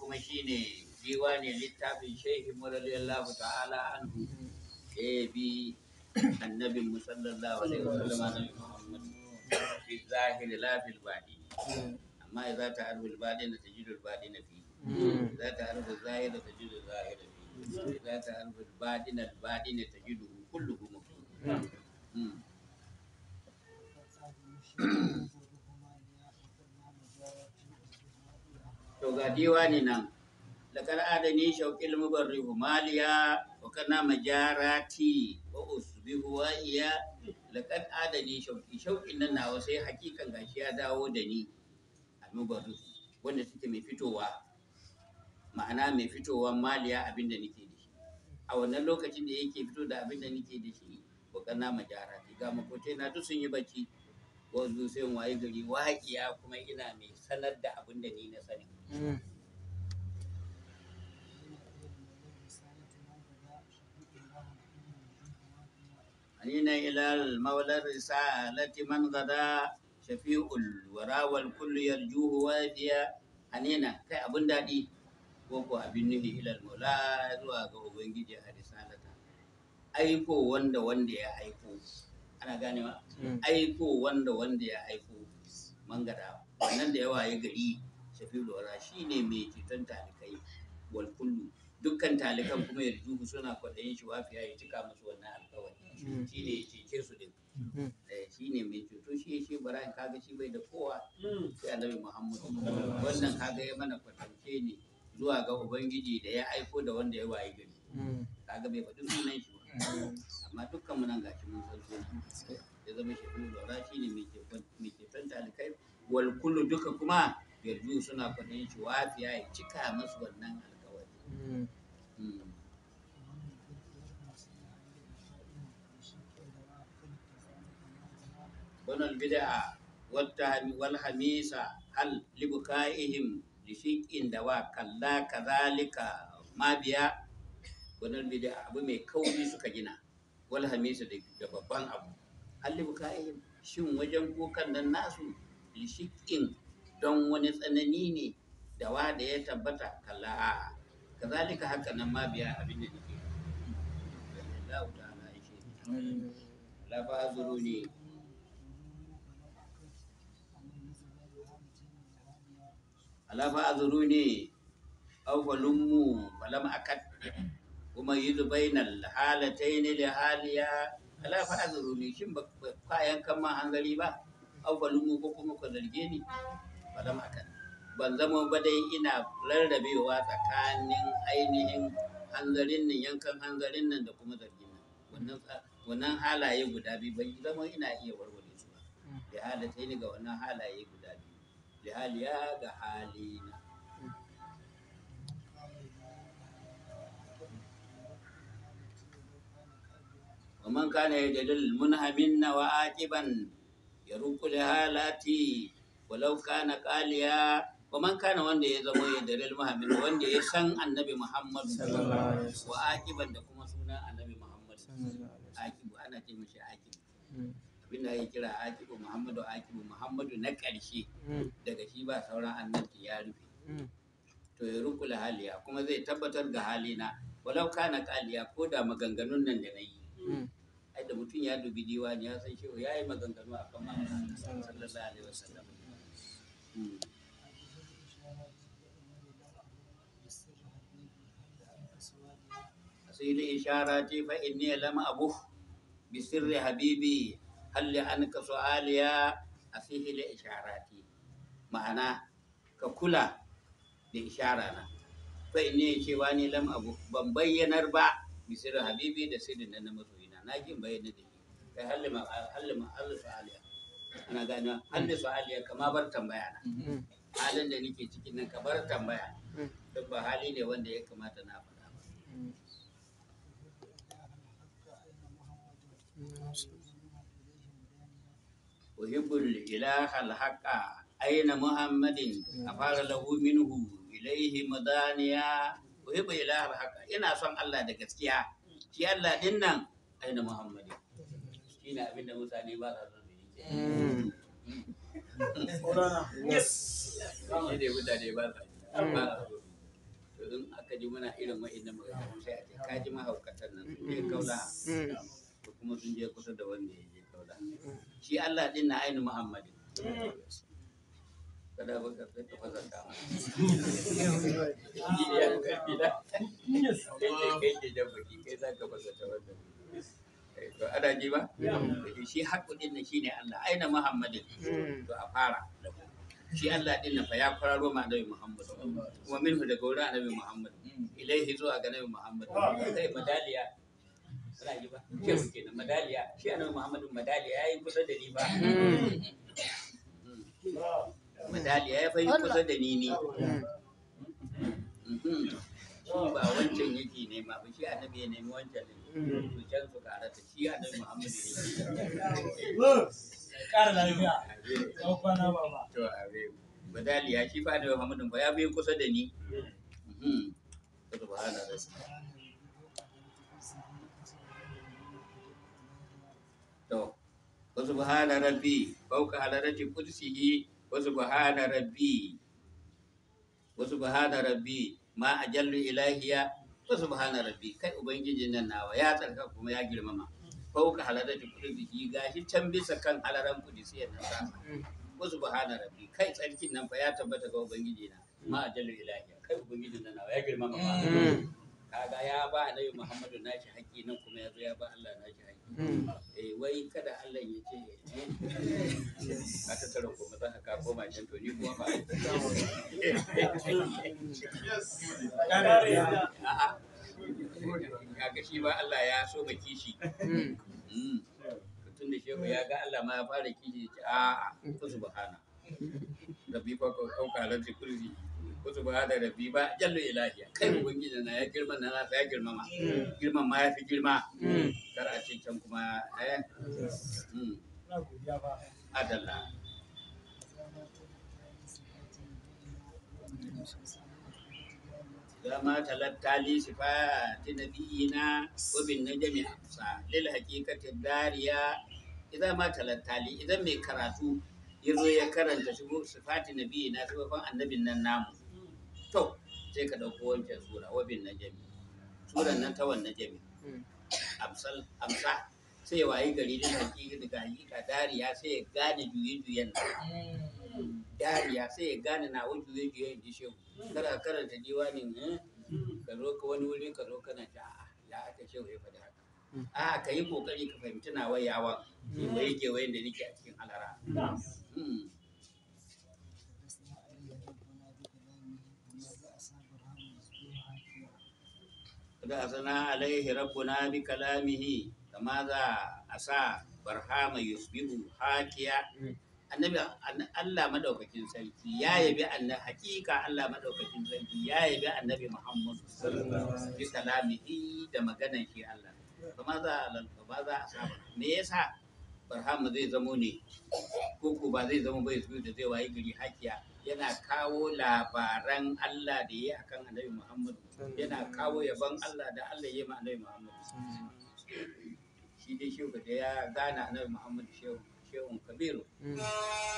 kuma shine jiwa ne littafin shehi radiyallahu ta'ala anhu ya bi annabin musallallahu alaihi wasallam na Muhammad fi zahiri la fil badi amma idza ta'arfu al badi na tajidu al badi na fi idza ta'arfu zahir na tajidu al zahir fi idza ta'arfu al badi na al ta na tajidu kulluhu mafi to ga diwani nan لقد آدني شوق المبرئ ماليا وكنا مجاراتي وأصبه وإيا shauƙin آدني sai شوق gashi ya dawo da ni a المبرئ wanda suke mai fitowa ma'ana mai fitowa maliya abinda nake da shi a wannan lokacin da yake fito da abinda nake da shi kana majarati ga makotai na duk sun yi bacci wanzu sai waye gari waƙiya kuma ina mai sanar da abinda ni na sani Alina ilal maular risalati man gada shafi'ul wara wal kullu yarjuhu wadiya anina kai abin dadi ko abin nuhi ilal maula zuwa ga ubangiji a risalata aiko wanda wanda ya aiko ana ganewa aiko wanda wanda ya aiko man gada wannan da yawa ya gari shafiul shi ne mai ceton talikai wal kullu dukkan talikan kuma ya yarjuhu suna kwadayin shi wafi ya cika musu wannan mm. shi ne ya cece su din mm. eh, shi ne mai ceto shi ya shi ibrahim kaga shi bai da kowa mm. sai annabi muhammadu wannan kaga ya mana kwatance ne zuwa ga ubangiji da ya aiko da wanda ya wayi gari kaga bai faɗi sunan shi amma dukkan mu nan gashi mun san sunan ya zama shi ne mai ceton talikai wal kullu duka kuma yarju suna faɗin shi wafiya ya cika masu wannan alkawari hmm. Hmm. wannan bid'a wal hamisa hal libukaihim da shi da wa kalla kazalika ma biya wannan bid'a abu mai kauri suka gina wal hamisa da babban abu hal libukaihim shin wajen kokan nan nasu shi shiqin don wani tsanani ne da wa da ya tabbata kalla a kazalika haka nan ma biya abin da nake Allah ta'ala ya ce ne ala falam akad kuma yidu bainal halatayn li haliya ala fa'zuru ne shin ba kayan kan ma hanzari ba aw mu ko kuma ka zarge ni ba zama ban zama ba dai ina rarrabewa tsakanin ainihin hanzarin nan yankan hanzarin nan da kuma zargin nan wannan halaye guda biyu ban zama ina iya warware su ba da hmm. halatai ni ga wannan halaye guda biyu da haliya ga halina ومن كان يجدل منهمن وآكبا يروق لهالاتي walau kana wa man kana wanda ya zama ya dalil muhammin wanda ya san annabi muhammad wa akiban da kuma suna annabi muhammad akibu ana ce mishi akibu hmm. abinda ya kira akibu muhammadu akibu muhammadu na ƙarshe hmm. daga shi ba sauran annabi ya rufe hmm. to ya rukula haliya kuma zai tabbatar ga halina walau kana kaliya ko da maganganun nan da yi. ai da mutum ya dubi diwani ya san shi ya yi maganganu akan Muhammad sallallahu alaihi wasallam بإشاراتي فإني لم أبه بسر حبيبي هل عنك سؤاليا أفيه لإشاراتي معنى ككلا بإشارنا فإني شواني لم أبه بمبين أربع بسر حبيبي ده سيدنا نمسوينا ناجم بين دي فهل ما هل ما هل سؤاليا أنا قاعد هل سؤاليا كما برتم بيانا halin da nake cikin nan ka bar tambaya duk ba hali ne wanda ya kamata na uhibbul ilaha alhaqa aina muhammadin afara lahu minhu ilaihi madaniya uhibbu ilaha alhaqa ina son Allah da gaskiya shi Allah din nan aina muhammadin shine abin da mutane ba za su yi yes shi ne mutane ba za su yi to don aka ji muna irin wa'annan maganganu sai a ce ka ji mahaukatan nan kaula kuma sun je kusa da wanda ya je kaula shi Allah din na ainihin Muhammadin kada ba ka fita fasa ka ya ka da kai ne kai ke jabaki kai za ka fasa ta wannan eh, to ana ji ba eh, shi haƙu din na shine Allah aina Muhammadin to a fara shi Allah din na fa ya kwararo ma annabi Muhammad kuma minhu daga wurin annabi Muhammad ilaihi zuwa ga annabi Muhammad sai madaliya rayu ba madaliya shi muhammadu madaliya kusa da ni ba madaliya ya fahimci kusa da ni ne shi ba wancan yake nema shi ya nemi wancan ne su can su shi muhammadu ne kara lafiya kwana to madaliya shi muhammadu ba ya kusa da ni wa subhana rabbi fawqa hadarati kursihi wa subhana rabbi wa subhana rabbi ma ajallu ilahiya wa subhana rabbi kai ubangiji nan nawa ya tsarka kuma ya girmama fawqa hadarati kursihi gashi can bisa kan halaran kudisi ya nasa wa subhana rabbi kai tsarkin nan fa ya tabbata ga ubangiji na ma ajallu ilahiya kai ubangiji nan nawa ya girmama ba mm. kaga ya ba Annabi Muhammadu nashi haƙƙi nan kuma ya zo ya ba Allah nashi haƙƙi hmm. eh wai kada Allah ya ce ka ta tara kuma za ka kawo ma can to ni kuma ba ga shi ba Allah ya so ba kishi hmm. hmm. tun da shehu ya ga Allah ma ya fara kishi ya ce a'a ta subhana rabbi fa ka kauka lantarki kurzi kutu ba da rabi ba jallo ilahiya kai mm. ubangiji na ya girma na nasa ya girma ma mm. girman ma ya fi girma mm. kar a ce kuma eh adalla كما تلقى لي صفات نبينا وبالنجم أبصى للحقيقة idan إذا ما تلقى لي إذا ما كراتو يزو يكرن تشبه صفات نبينا سوى النبي namu. to sai ka ɗauko wancan sura wabin na jami suran nan ta wannan jami hmm. amsa sai wayi gari da haƙiƙa daga haƙiƙa dariya sai ya gane juye-juyen nan dariya sai ya gane na wani juye-juyen ji shehu kada karanta diwanin eh, ka zo ka wani wuri ka zo kana ta a'a ya aka shehu ya faɗi haka hmm. a'a ka yi ƙoƙari ka fahimci na wai yawa. Hmm. wayawan ke kewayen da nake a cikin alara da asana alaihi rabbuna bi kalamihi kama za a sa barhama yusbihu hakiya hmm. annabi Allah madaukakin sarki ya yabi annabi hakika Allah madaukakin sarki ya yabi annabi Muhammad bi kalamihi da maganar shi Allah kama za a za a sa me yasa barhama zai zamo ne koko ba zai zama bai su da zai wayi gari hakiya yana kawo labaran Allah da ya akan Annabi Muhammadu yana kawo yaban Allah da Allah ya yi ma Annabi Muhammadu shi dai shehu da ya gana Annabi Muhammadu shehu shehu kabiru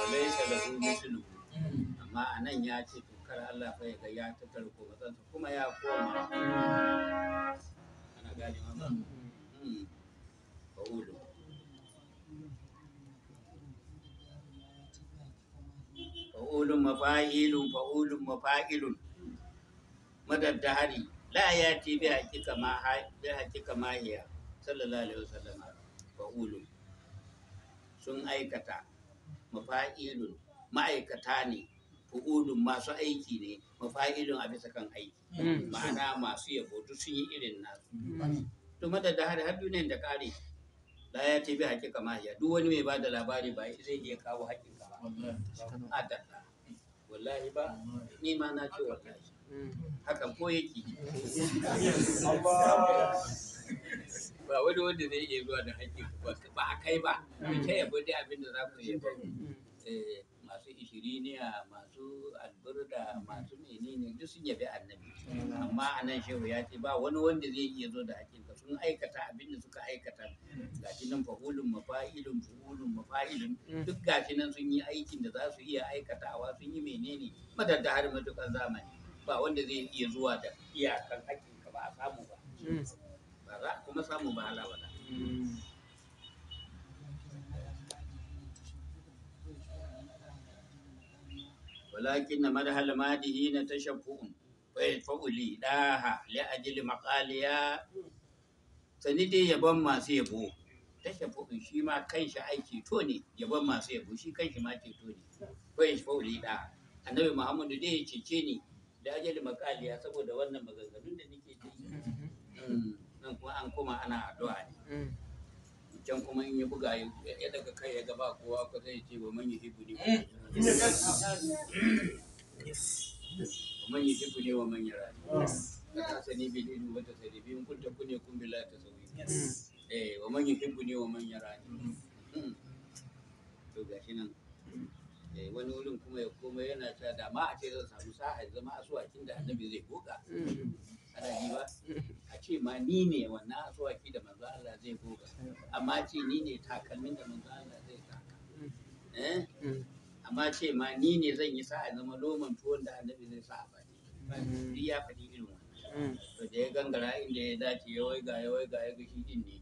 walai salahu mislu amma anan ya ce to kar Allah fa ya ga ya ta tarko matsansa kuma ya koma ana gane ma hmm. hmm. ba fa’ulun mafa’ilun مفاعيل مفعول مفاعل مدى الدهر لا يأتي بحقيقة ما bi hakika ma صلى sallallahu alaihi wasallam fa’ulun sun aikata mafa'ilun ma'aikata ne fa’ulun masu aiki ne mafa'ilun a bisa kan aiki hmm. ma'ana masu yabo duk sun yi irin nasu hmm. to mata da har duniyar da kare la ya ti bi hakika ma mahiya duk wani mai ba da labari ba zai iya kawo hakika ba a wallahi ba ni ma na ce wallahi haka ko yake ba wani wanda zai iya zuwa da hakki ba a kai ba ita yabo dai abin da za ku yi eh, masu ishiriniya masu alburda masu menene duk sun yabi annabi amma a nan shehu ya ce ba wani wanda zai iya zo da hakkinka sun aikata abin da suka aikata ga nan fa'ulun mafa'ilun fa'ulun fa'ilin mm. duk gashi nan sun yi aikin da za su iya aikatawa sun yi menene matatta har matukan zamani ba wanda zai iya zuwa da iyakan hakkin ka ba a samu ba mm. ba za kuma samu ba hala ba mm. walakin na marhala madihi na tashabbu'un fa'uli daha li ajli maqaliya sani dai masu yabo tashin fuhun shi ma kan shi aiki to ne ya bar masu yabo shi kanshi ma ke to ne ko ya shafa wuri da annabi muhammadu dai ya cece ni da ajali makaliya saboda wannan maganganun da nake da yi mm-hmm. mm, nan kuma an kuma ana addu'a ne mm. can kuma in yi buga ya daga kai ya gaba kowa ko zai ce wa manyan hibu ne ba manyan hibu ne ba manyan rani. Kata sani bilin wata sani biyun kun tafi ne kun bila ta eh wa man yuhibbu ne wa man yarani mm-hmm. hmm. to ga shi nan eh wani wurin kuma ya komai yana cewa da ma a ce zan samu sa'a zama asuwakin da annabi zai goga mm-hmm. ana ji ba a ce ma ni ne wannan asuwaki da manzo Allah zai goga amma ce ni ne takalmin da manzo Allah zai taka mm-hmm. eh amma ce ma ni ne zan yi sa'a zama loman tuwon da annabi zai sa a baki ya faɗi irin wannan to da ya gangara inda ya dace ya waiga ya waiga ya ga shi din ne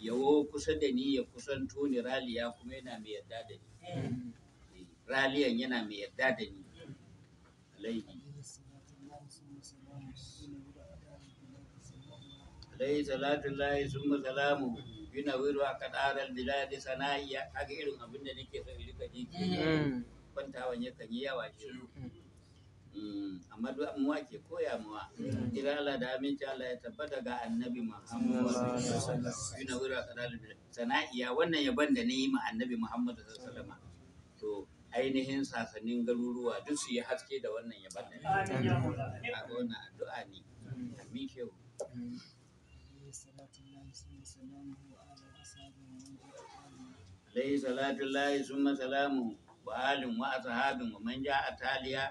yawo kusa da ni ya kusanto ni raliya kuma yana mai yarda da ni eh, raliyan yana mai yarda da ni alaihi alaihi salatu lahi sun masalamu yana wiro a kadarar biladi sana'i ya kaga irin abin da nake so rika ji mm. wani yakan yi yawa shi Mm. amma amuwa ke koya muwa jira mm. Allah da aminci Allah ya tabbata ga annabi Muhammadu yana sana'iya wannan yaban da na yi ma annabi muhammadu sallallahu to ainihin sasannin garuruwa duk su yi haske da wannan yaban da nayi a gona addu'a ne amin shehu alayhi salatu llahi summa salamu wa alin wa ashabin wa man ja'a taliya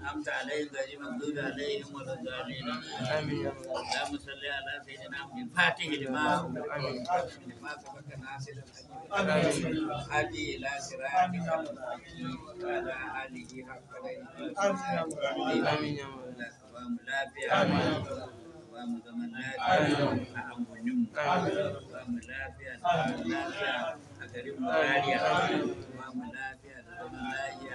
أنعمت عليهم غير المغضوب عليهم ولا الضالين اللهم صل على سيدنا محمد فاتح لما لما سبق ناصر هادي إلى صراطك المستقيم وعلى آله حق قدره آمين يا مولانا اللهم لا في آمين samu zaman lafiya a angoninmu samu lafiya a garin Bariya samu lafiya Amin lafiya yin hankali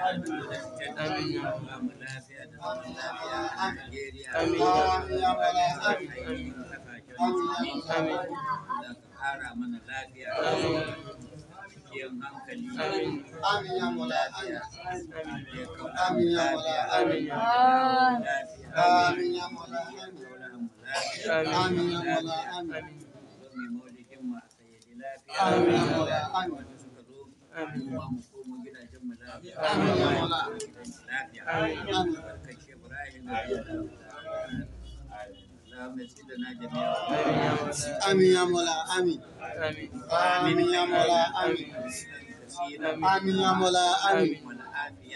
amin ya mula amin ya mula amin ya amin ya mula amin ya mula amin amin ya mula amin Amin ya mola, amin. Amin ya mola, amin. Amin ya mola, amin. Amin ya mola, amin. Amin.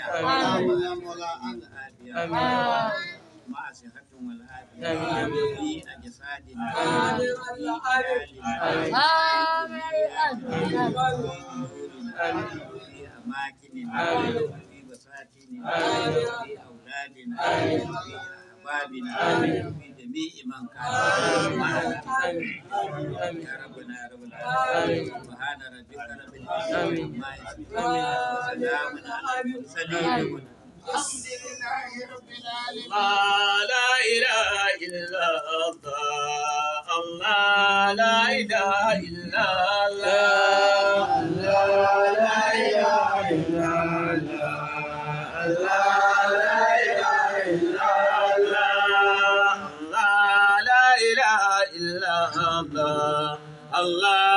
Amin. Amin. Amin. Amin. مساكننا وفي بساتيننا وفي أولادنا وفي أحبابنا وفي جميع من كان معنا يا ربنا يا رب العالمين سبحان ربك رب العزة عما يصفون وسلام على المرسلين الحمد لله رب العالمين لا إله إلا الله الله لا إله إلا الله Allah.